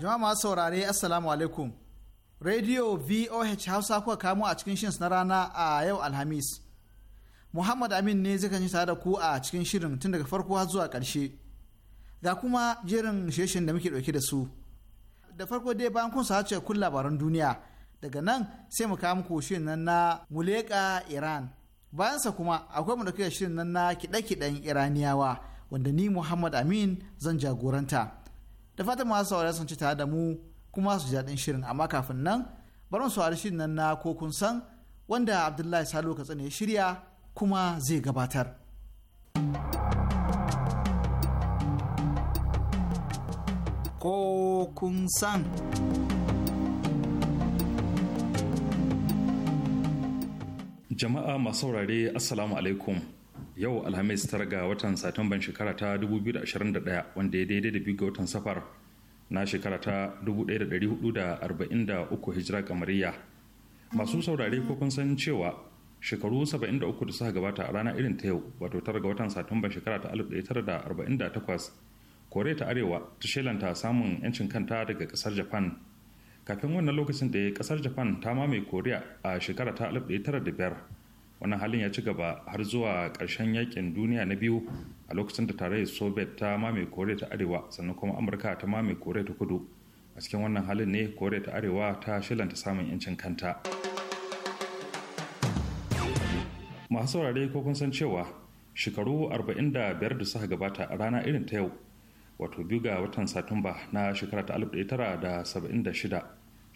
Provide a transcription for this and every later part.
Jama'a masu saurare Assalamu alaikum. Radio VOH Hausa kuka kamo a cikin shins na rana a yau Alhamis. Muhammad Amin ne zai kanci tare da ku a cikin shirin tun daga farko har zuwa karshe Ga kuma jerin sheshin da muke ɗauke da su. Da farko dai bayan kun sace kun labaran duniya. Daga nan sai mu kawo muku shirin nan na Muleka Iran. Bayansa kuma akwai mu dauke da shirin nan na kiɗe-kiɗen Iraniyawa wanda ni Muhammad Amin zan jagoranta. da fatan masu saurari sun ci tare da mu kuma su ji daɗin shirin amma kafin nan bari mu saurari shirin nan na ko kun san wanda abdullahi salo katsina ya shirya kuma zai gabatar ko kun san jama'a masu saurare assalamu alaikum yau alhamis tara ga watan satumban shekara ta 2021 wanda ya daidai da biyu ga watan safar na shekara ta 1443 hijira kamariya masu saurare ko kun san cewa shekaru 73 da suka gabata a rana irin ta yau wato tara ga watan satumban shekara ta 1948 kore ta arewa ta shelanta samun yancin kanta daga kasar japan kafin wannan lokacin da kasar japan ta mamaye koriya a shekara ta 1905 wannan halin ya ci gaba har zuwa ƙarshen yakin duniya na biyu a lokacin da tarayyar soviet ta mame koriya ta arewa sannan kuma amurka ta mame koriya ta kudu a cikin wannan halin ne koriya ta arewa ta shilanta samun yancin kanta masu saurare ko kun san cewa shekaru 45 da suka gabata a rana irin ta yau wato biyu ga watan satumba na shekara ta 1976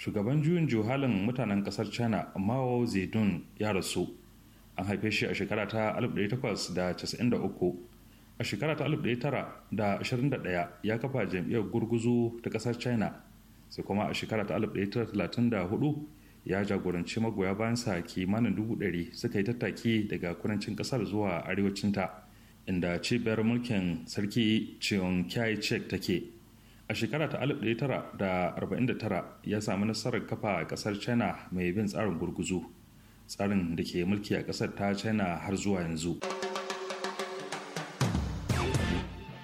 shugaban juyin juhalin mutanen kasar china mao zedong ya rasu an haife shi a shekara ta 1893 a shekara ta 1921 ya kafa jam'iyyar gurguzu ta kasar china sai kuma a shekara ta 1934 ya jagoranci magoya bayansa kimanin dubu ɗari suka yi tattaki daga kudancin kasar zuwa arewacinta inda cibiyar mulkin sarki chiang kai cek take a shekara ta 1949 ya sami nasarar kafa kasar china mai bin tsarin gurguzu tsarin da ke mulki a kasar ta china har zuwa yanzu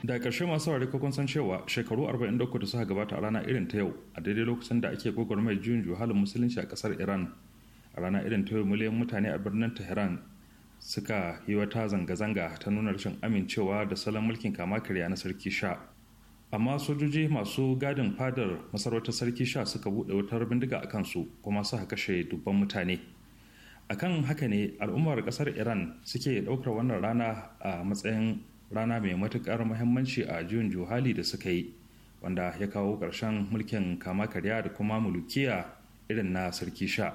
da ƙarshe masu saurari kun san cewa shekaru 43 da suka gabata a rana irin ta yau a daidai lokacin da ake gwagwarmar juyin juhalin musulunci a ƙasar iran a rana irin ta yau miliyan mutane a birnin tehran suka yi wata zanga-zanga ta nuna rashin amincewa da salon mulkin kama karya na sarki sha amma sojoji masu gadin fadar masarautar sarki sha suka buɗe wutar bindiga a kansu kuma suka kashe dubban mutane akan haka ne al'ummar kasar iran suke ɗaukar wannan rana a matsayin rana mai matukar muhimmanci a juyin juhali da suka yi wanda ya kawo ƙarshen mulkin kama karya da kuma mulukiya irin na sarki sha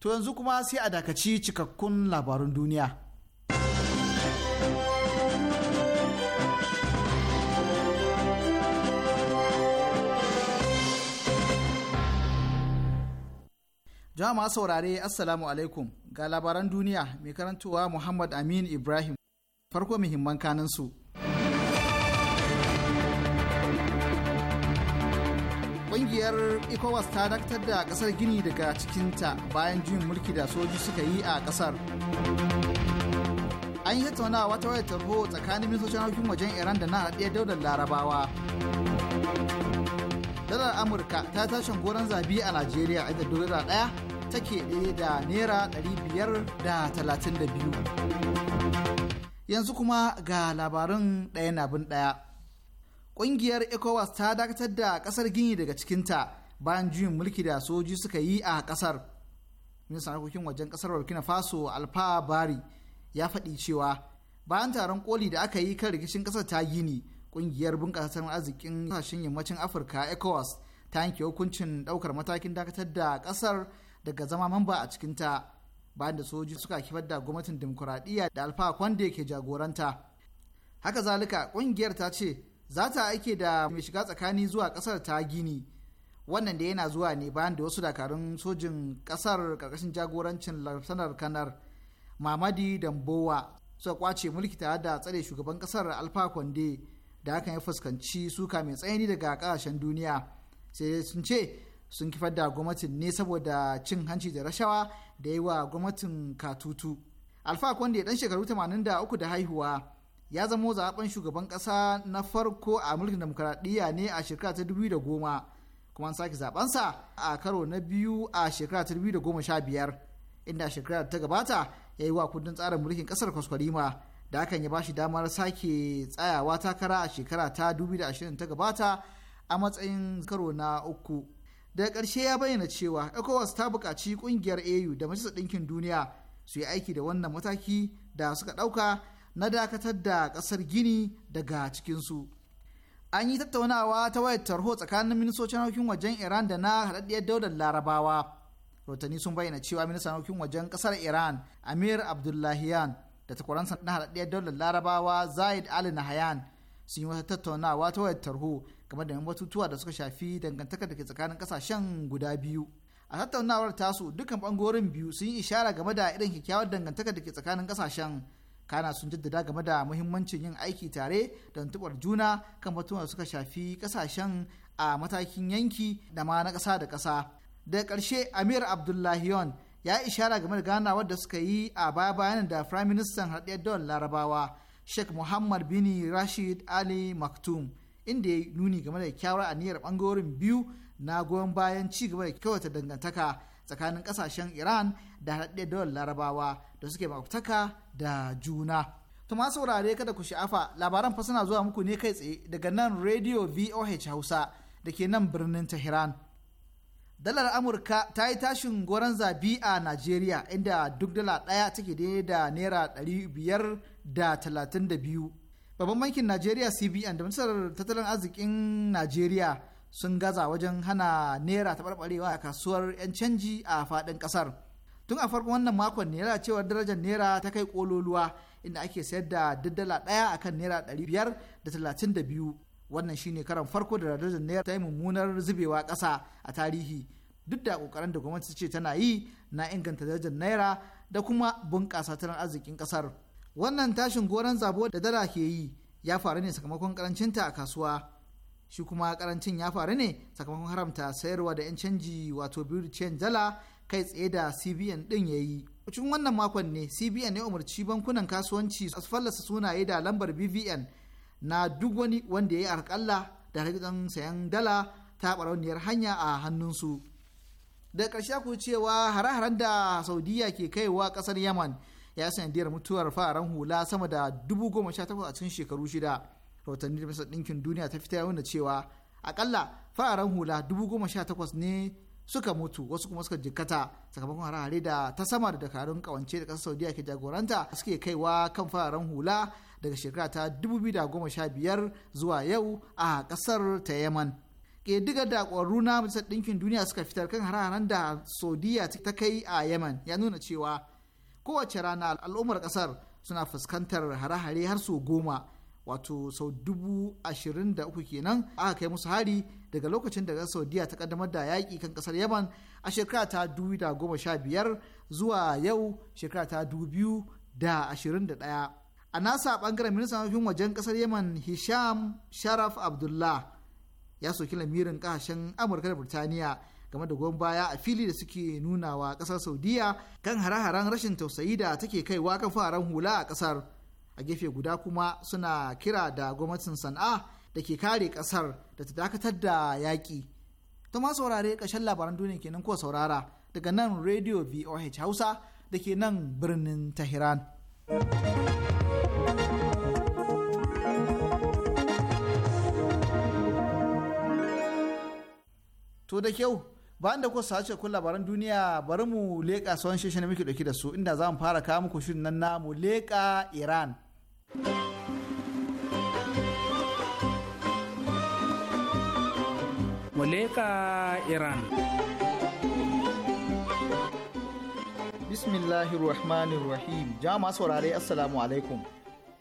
To yanzu kuma sai a dakaci cikakkun labarun duniya. Jama'a saurare Assalamu alaikum ga labaran duniya mai karantowa Muhammad Amin Ibrahim farko muhimman kanin su. Ƙungiyar ECOWAS ta dakatar da ƙasar Gini daga cikinta bayan juyin mulki da soji suka yi a ƙasar. An yi tattaunawa wata wayar tarho tsakanin ministocin harkokin wajen Iran da na haɗe daular Larabawa. Dalar Amurka ta tashin goron zabi a Najeriya a dolar ɗaya take ɗaya da naira ɗari biyar da talatin da biyu. Yanzu kuma ga labarin ɗaya na bin ɗaya. ƙungiyar ecowas ta dakatar da ƙasar gini daga cikinta bayan juyin mulki da soji suka yi a kasar ministan harkokin wajen ƙasar burkina faso alfa bari ya faɗi cewa bayan taron koli da aka yi kan rikicin ƙasar ta gini ƙungiyar bunƙasa tattalin arzikin kasashen yammacin afirka ecowas ta yanke hukuncin ɗaukar matakin dakatar da ƙasar daga zama mamba a cikinta bayan da soji suka kifar da gwamnatin demokuraɗiyya da alfa kwanda ke jagoranta haka zalika ƙungiyar ta ce za ta aike da mai shiga tsakani zuwa kasar ta gini wannan da yana zuwa ne bayan da wasu dakarun sojin kasar karkashin jagorancin lafsanar kanar mamadi dambowa suka kwace mulki tare da tsare shugaban kasar alfa konde da hakan ya fuskanci suka mai tsayani daga kasashen duniya sai sun ce sun kifar da gwamnatin ne saboda cin hanci da rashawa da yi wa gwamnatin katutu alfa konde dan shekaru 83 da haihuwa ya zamo zaben shugaban ƙasa na farko a mulkin demokuraɗiyya ne a shekara ta 2010 kuma an sake zabensa a karo na biyu a shekara ta biyar inda shekara ta gabata ya yi wa kundin tsarin mulkin ƙasar kwaskwarima da hakan ya bashi damar sake tsayawa takara a shekara ta 2020 ta gabata a matsayin karo na uku daga ƙarshe ya bayyana cewa ecowas ta bukaci ƙungiyar au da majalisar ɗinkin duniya su yi aiki da wannan mataki da suka ɗauka na dakatar da kasar gini daga cikinsu an yi tattaunawa ta wayar tarho tsakanin ministocin harkokin wajen iran da na haɗaɗɗiyar daular larabawa rotani sun bayyana cewa ministan harkokin wajen kasar iran amir abdullahiyan da takwaransa na haɗaɗɗiyar daular larabawa zaid ali nahayan sun yi wata tattaunawa ta wayar tarho game da batutuwa da suka shafi dangantakar da ke tsakanin kasashen guda biyu a tattaunawar tasu dukkan bangorin biyu sun yi ishara game da irin kyakkyawar dangantaka da ke tsakanin ƙasashen kana sun jaddada game da muhimmancin yin aiki tare da tuntuɓar juna kan da suka shafi kasashen a matakin yanki da ma na ƙasa da kasa. da ƙarshe amir abdullahiyon ya ishara game da ganawar da suka yi a baya bayanin da firayim ministan haɗaɗɗiyar larabawa sheikh muhammad bini rashid ali maktum inda ya nuni game da kyawar aniyar ɓangarorin biyu na goyon bayan ci gaba da kyauta dangantaka tsakanin kasashen iran da da dawar larabawa da suke makwabtaka da juna Tuma ma saurare kada ku sha'afa labaran fa suna zuwa muku ne kai tsaye daga nan radio voh hausa da ke nan birnin tehran dalar amurka ta yi tashin goron zabi a najeriya inda duk dala ɗaya take daidai da naira ɗari biyar da talatin da biyu babban bankin najeriya cbn da ministar tattalin arzikin najeriya sun gaza wajen hana naira taɓarɓarewa a kasuwar 'yan canji a faɗin ƙasar tun a farkon wannan makon ne yana cewar darajar naira ta kai ƙololuwa inda ake sayar da daddala ɗaya a kan naira ɗari biyar da talatin da biyu wannan shine karan farko da darajar naira ta yi mummunar zubewa ƙasa a tarihi duk da ƙoƙarin da gwamnati ce tana yi na inganta darajar naira da kuma bunƙasa tattalin arzikin ƙasar wannan tashin goron zabo da dala ke yi ya faru ne sakamakon ƙarancinta a kasuwa shi kuma karancin ya faru ne sakamakon haramta sayarwa da 'yan canji wato biyu change dala kai tsaye da cbn din ya yi cikin wannan makon ne cbn ya umarci bankunan kasuwanci su fallasa sunaye da lambar bvn na duk wani wanda ya yi alƙalla da hargitsin sayan dala ta barauniyar hanya a hannunsu da ƙarshe ku cewa hare-haren da saudiya ke kaiwa ƙasar yaman ya sanadiyar mutuwar fararen hula sama da dubu goma sha takwas a cikin shekaru shida rahotanni da ɗinkin duniya ta fita ya nuna cewa akalla fararen hula 18,000 ne suka mutu wasu kuma suka jikkata sakamakon harare da ta sama da dakarun kawance da ƙasar saudiya ke jagoranta suke kaiwa kan fararen hula daga shekara ta 2015 zuwa yau a ƙasar ta yaman ƙididdigar da ƙwararru na majalisar ɗinkin duniya suka fitar kan hararen da saudiya ta kai a yaman ya nuna cewa kowace rana al'ummar kasar suna fuskantar hare-hare har su goma wato sau dubu ashirin da uku kenan aka kai musu hari daga lokacin da saudiya ta kaddamar da yaƙi kan ƙasar yaman a shekara ta dubu da goma sha biyar zuwa yau shekara ta dubu da ashirin da ɗaya a nasa ɓangaren ministan harkokin wajen ƙasar yaman hisham sharaf abdullah ya soki lamirin ƙasashen amurka da burtaniya game da goyon baya a fili da suke nunawa ƙasar saudiya kan hare-haren rashin tausayi da take kaiwa kan fararen hula a ƙasar a gefe guda kuma suna kira da gwamnatin sana'a da ke kare kasar da ta dakatar da yaƙi ta ma saurare ƙarshen labaran duniya kenan ko saurara daga nan radio boh hausa da ke nan birnin tehran to da kyau bayan da kusa sace kun labaran duniya bari mu leƙa sauran da muke ɗauki da su inda za mu fara kawo muku shirin nan na leƙa Iran. Muleka Iran Bismillahirrahmanirrahim Jama'a saurare Assalamu alaikum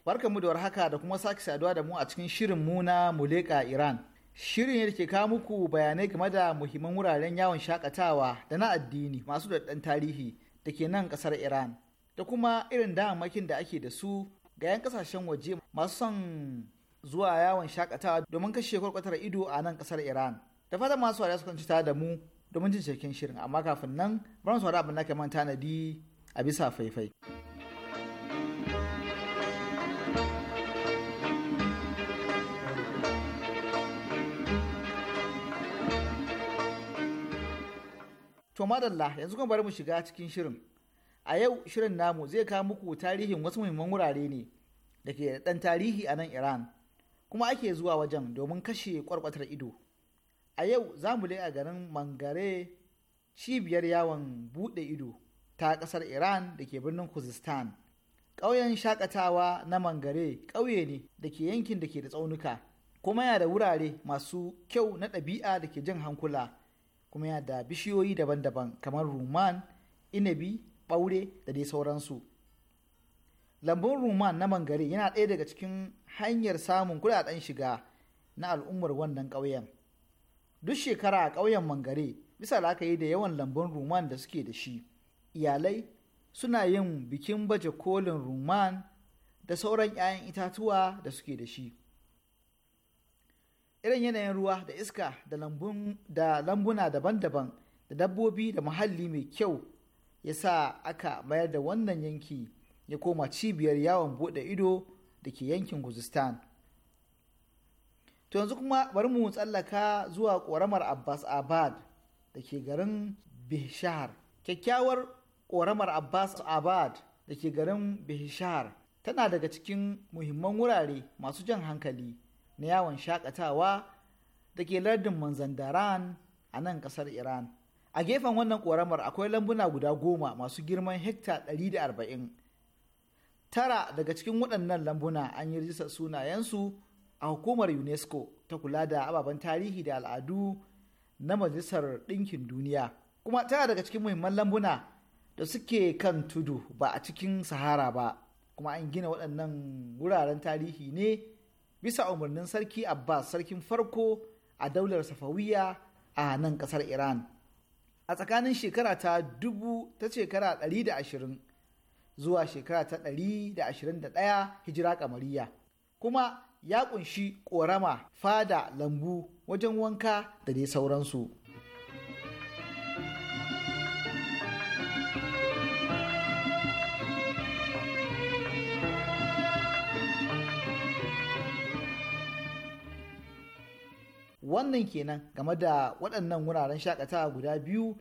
Barkanmu da warhaka da kuma sake saduwa da mu a cikin shirin mu na Muleka Iran Shirin da ke kawo muku bayanai game da muhimman wuraren yawon shakatawa da na addini masu da tarihi da ke nan kasar Iran da kuma irin damakin da ake da su ga 'yan kasashen waje masu son zuwa yawon shakatawa domin kashe kwarkwatar ido a nan kasar iran da fatan masu wariya su ci tare da mu domin jin cikin shirin amma kafin nan bari su abin da ke man tanadi a bisa faifai. To madalla yanzu kuma bari mu shiga cikin shirin. a yau shirin namu zai kawo muku tarihin wasu muhimman wurare ne da ke da ɗan tarihi a nan Iran kuma ake zuwa wajen domin kashe kwarkwatar ido. A yau za mu a garin Mangare cibiyar yawon buɗe ido ta ƙasar Iran da ke birnin Kuzistan. Ƙauyen shakatawa na Mangare ƙauye ne da ke yankin da ke da tsaunuka kuma yana da wurare masu kyau na ɗabi'a da ke jin hankula kuma yana da bishiyoyi daban-daban kamar ruman, inabi, ɓaure da dai sauransu lambun ruman na mangare yana ɗaya daga cikin hanyar samun kudaden shiga na al'ummar wannan ƙauyen duk shekara a ƙauyen mangare bisa la'akari da yawan lambun ruman da suke da shi iyalai suna yin bikin baje kolin ruman da sauran 'ya'yan itatuwa da suke da shi irin yanayin ruwa da iska da lambuna daban-daban da dabbobi da muhalli mai kyau ya sa aka mayar da wannan yanki ya koma cibiyar yawon bude ido da ke yankin guzistan to yanzu kuma bari mu tsallaka zuwa ƙoramar abbas abad da ke garin bishar kyakkyawar ƙoramar abbas abad da ke garin bishar tana daga cikin muhimman wurare masu jan hankali na yawon shakatawa da ke lardin manzandaran a nan ƙasar iran a gefen wannan ƙoramar akwai lambuna guda goma masu girman hekta 140 tara daga cikin waɗannan lambuna an yi rijistar sunayensu a hukumar unesco ta kula da ababen tarihi da al'adu na majalisar ɗinkin duniya kuma tara daga cikin muhimman lambuna da suke kan tudu ba a cikin sahara ba kuma an gina waɗannan wuraren tarihi ne bisa umarnin sarki abbas sarkin farko a daular safawiya a nan ƙasar iran a tsakanin shekara ta dubu ta shekara 120 zuwa shekara ta 121 hijira kamariya kuma ya kunshi ƙorama fada lambu wajen wanka da dai sauransu wannan kenan game da waɗannan wuraren shakatawa guda biyu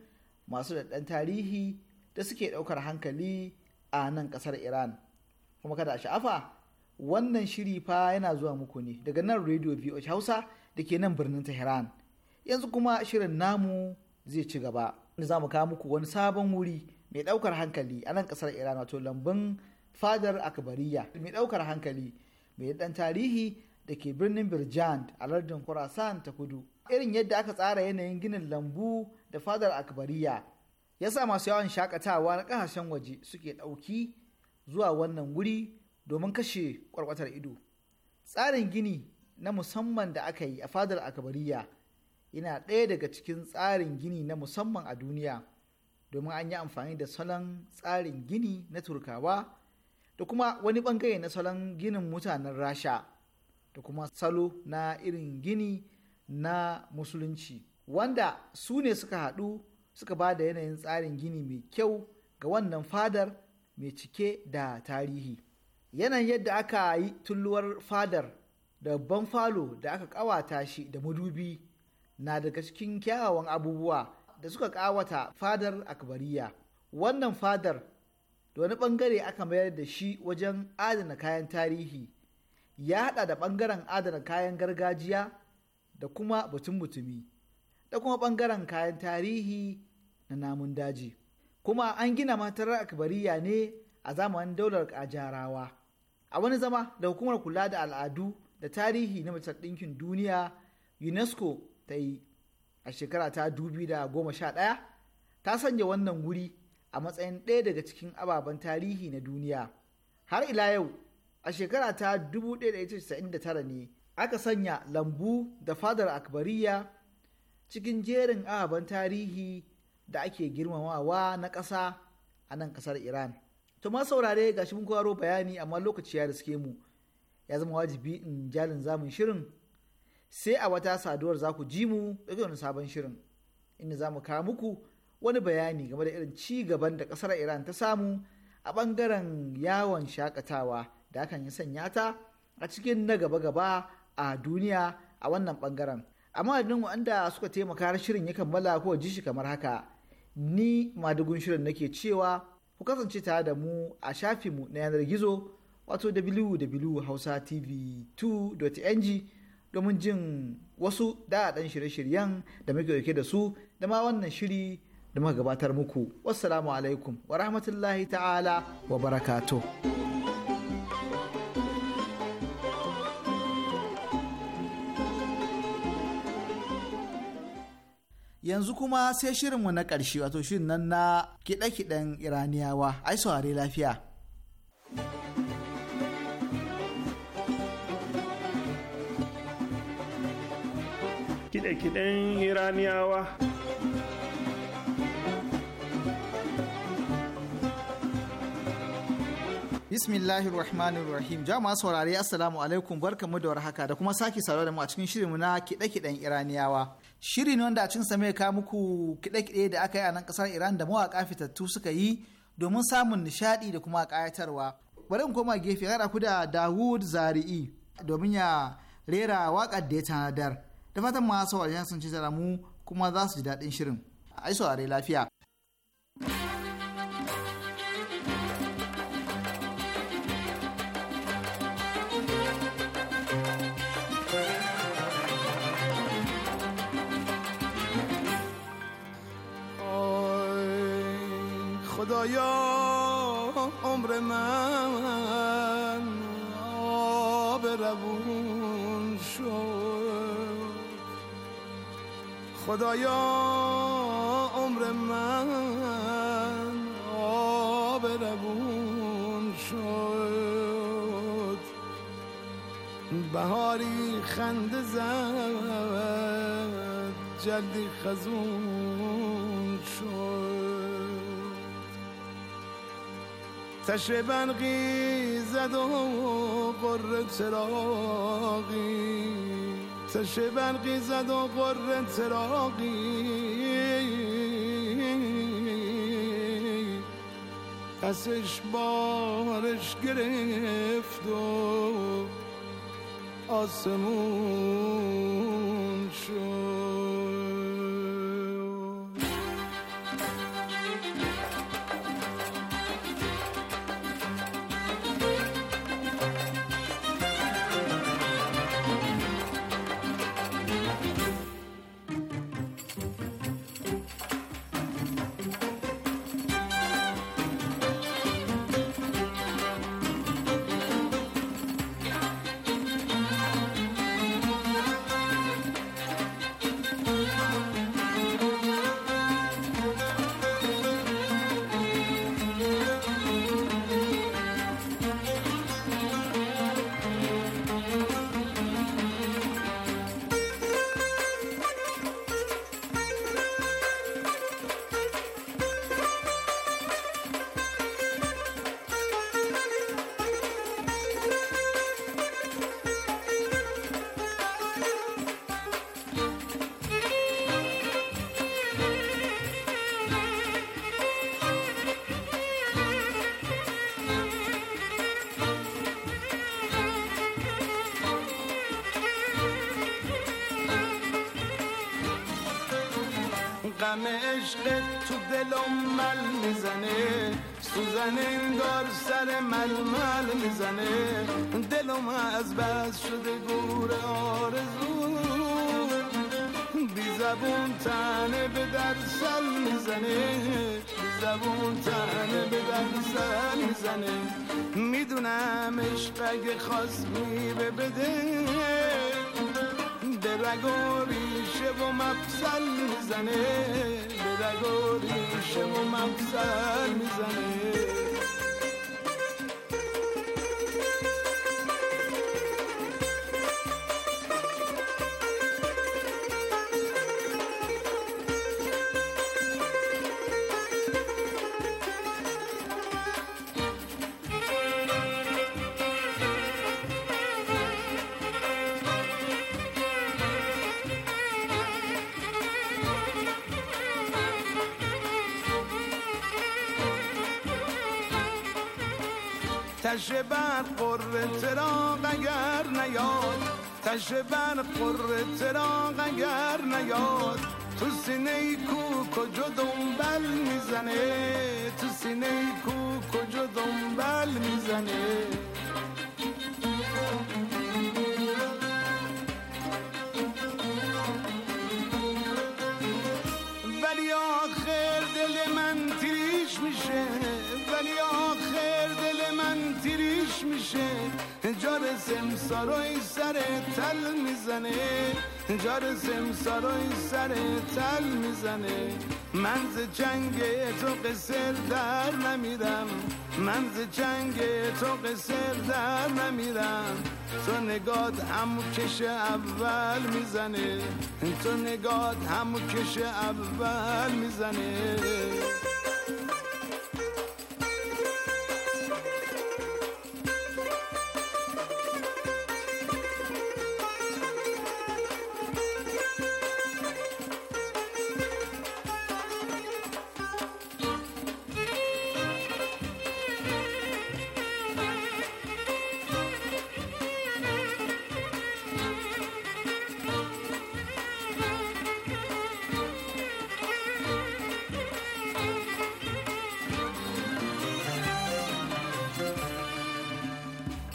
masu daɗan tarihi da suke ɗaukar hankali a nan ƙasar iran kuma kada a sha'afa wannan shiri fa yana zuwa muku ne daga nan radio voh hausa da ke nan birnin tehran yanzu kuma shirin namu zai ci gaba za mu kawo muku wani sabon wuri mai ɗaukar hankali a nan ƙasar iran wato lambun fadar akbariya mai ɗaukar hankali mai ɗan tarihi da ke birnin birjan a lardin khorasan ta kudu irin yadda aka tsara yanayin ginin lambu da fadar akbariya ya sa masu yawan shakatawa na kasashen waje suke ɗauki zuwa wannan wuri domin kashe kwarkwatar ido tsarin gini na musamman da aka yi a fadar akbariya yana ɗaya daga cikin tsarin gini na musamman a duniya domin an yi amfani da salon tsarin gini na turkawa da kuma wani ɓangare na salon ginin mutanen rasha da kuma salo na irin gini na musulunci wanda su ne suka haɗu suka ba da yanayin tsarin gini mai kyau ga wannan fadar mai cike da tarihi yanayin yadda aka yi tulluwar fadar da babban falo da aka ƙawata shi da madubi na daga cikin kyawawan abubuwa da suka ƙawata fadar akbariya wannan fadar da wani ɓangare aka mayar da shi wajen adana kayan tarihi ya hada da bangaren adana kayan gargajiya da kuma batun mutumi da kuma bangaren kayan tarihi na namun daji kuma an gina matarar akbariya ne a zamanin daular kajarawa a wani zama da hukumar kula da al'adu da tarihi na majalisar ɗinkin duniya unesco ta yi a shekara ta ɗaya ta sanya wannan wuri a matsayin ɗaya daga cikin ababen tarihi na duniya har ila yau a shekara ta 1999 ne aka sanya lambu da fadar akbariya cikin jerin ababen tarihi da ake girmamawa na ƙasa a nan ƙasar iran to ma saurare ga shi kwaro bayani amma lokaci ya riske mu ya zama wajibi in jalin zamun shirin sai a wata saduwar za ku ji mu daga wani sabon shirin inda za mu kawo muku wani bayani game da irin ci gaban da ƙasar iran ta samu a ɓangaren yawon shakatawa da yi yi sanya ta a cikin na gaba-gaba a duniya a wannan bangaren. Amma adadin wanda suka taimaka shirin ya kammala ko ji shi kamar haka. Ni madugun shirin nake cewa ku kasance tare da mu a shafinmu na yanar gizo wato www.hausatv2.ng domin jin wasu daɗaɗɗen shirye-shiryen da muke dauke da su da ma wannan shiri da muka gabatar muku. Wassalamu alaikum wa rahmatullahi ta'ala wa barakatuh. yanzu kuma sai shirinmu na ƙarshe wato shirin nan na kiɗe-kiɗen iraniyawa ai saurare lafiya kiɗe-kiɗen iraniyawa Bismillahir Rahmanir Rahim. Jama'a saurare Assalamu alaikum barkamu da warhaka da kuma sake saurare da mu a cikin shirinmu na kiɗe-kiɗen Iraniyawa. Shiri ne wanda a cikin same ka muku kiɗe-kiɗe da aka yi a nan ƙasar Iran da mawaƙa fitattu suka yi domin samun nishaɗi da kuma ƙayatarwa. Bari in koma gefe haɗa ku da Dawud Zari'i domin ya rera waƙar da ya tanadar. Da fatan ma saurari sun ci mu kuma za su ji daɗin shirin. a yi saurare lafiya. خدایا عمر من آب روون شد خدایا عمر من آب روون شد بهاری خنده زد جلدی خزون شد تشه برقی زد و قر تراغی تشه برقی زد و قر تراغی پسش بارش گرفت و آسمون شد عشق تو دلم مل میزنه سوزن انگار سر مل مل میزنه دلم از بس شده گور آرزو بی زبون تنه به در سل میزنه زبون تنه به در سل میزنه میدونم عشق اگه خواست میبه بده به و ریشه و میزنه رگ و مفصل میزنه تشه بر تراغ اگر نیاد تشه بر تراغ اگر نیاد تو سینه کو کجا دنبل میزنه تو سینه کو کجا دنبل میزنه خوش میشه جار سمسارای سر تل میزنه جار سمسارای سر تل میزنه من ز جنگ تو قصر در نمیرم من ز جنگ تو قصر در نمیرم تو نگاد همو کش اول میزنه تو نگاد همو کش اول میزنه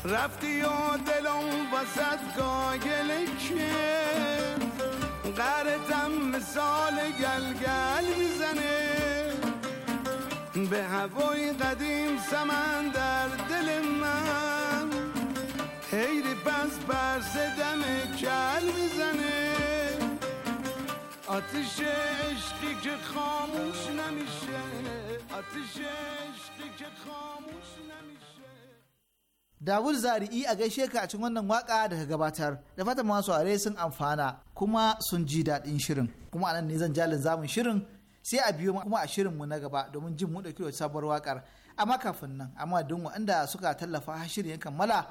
رفتی و دلم وسط گاگل که قرتم مثال گلگل میزنه به هوای قدیم سمن در دل من حیری پس برس دم کل میزنه آتش عشقی که خاموش نمیشه آتش عشقی که خاموش نمیشه Dawud Zari'i a gaishe ka a cikin wannan waka da ka gabatar da fatan masu are sun amfana kuma sun ji daɗin shirin kuma anan ne zan jalin zamun shirin sai a biyo kuma a shirin mu na gaba domin jin mu da sabuwar wakar amma kafin nan amma don waɗanda suka tallafa ha shirin kammala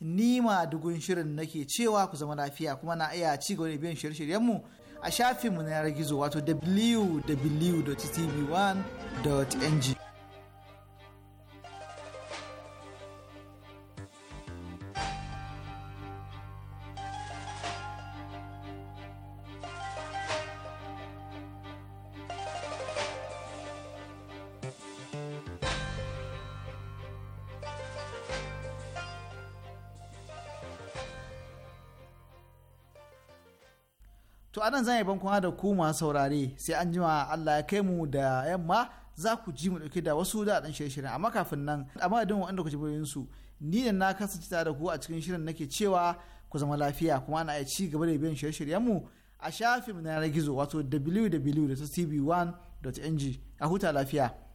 ni ma dugun shirin nake cewa ku zama lafiya kuma na iya ci gaba da biyan shirye-shiryen mu a shafin mu na yanar gizo wato www.tv1.ng nan zan yi bankun da ku masu saurare sai an jima Allah ya kai mu da yamma za ku ji mu dauke da wasu da dan shirye amma kafin nan a madadin wanda ku ji su ni da na kasance cita da ku a cikin shirin nake cewa ku zama lafiya kuma na ci gaba da biyan shirye-shiryen mu a shafin na gizo wato www.tv1.ng a huta lafiya.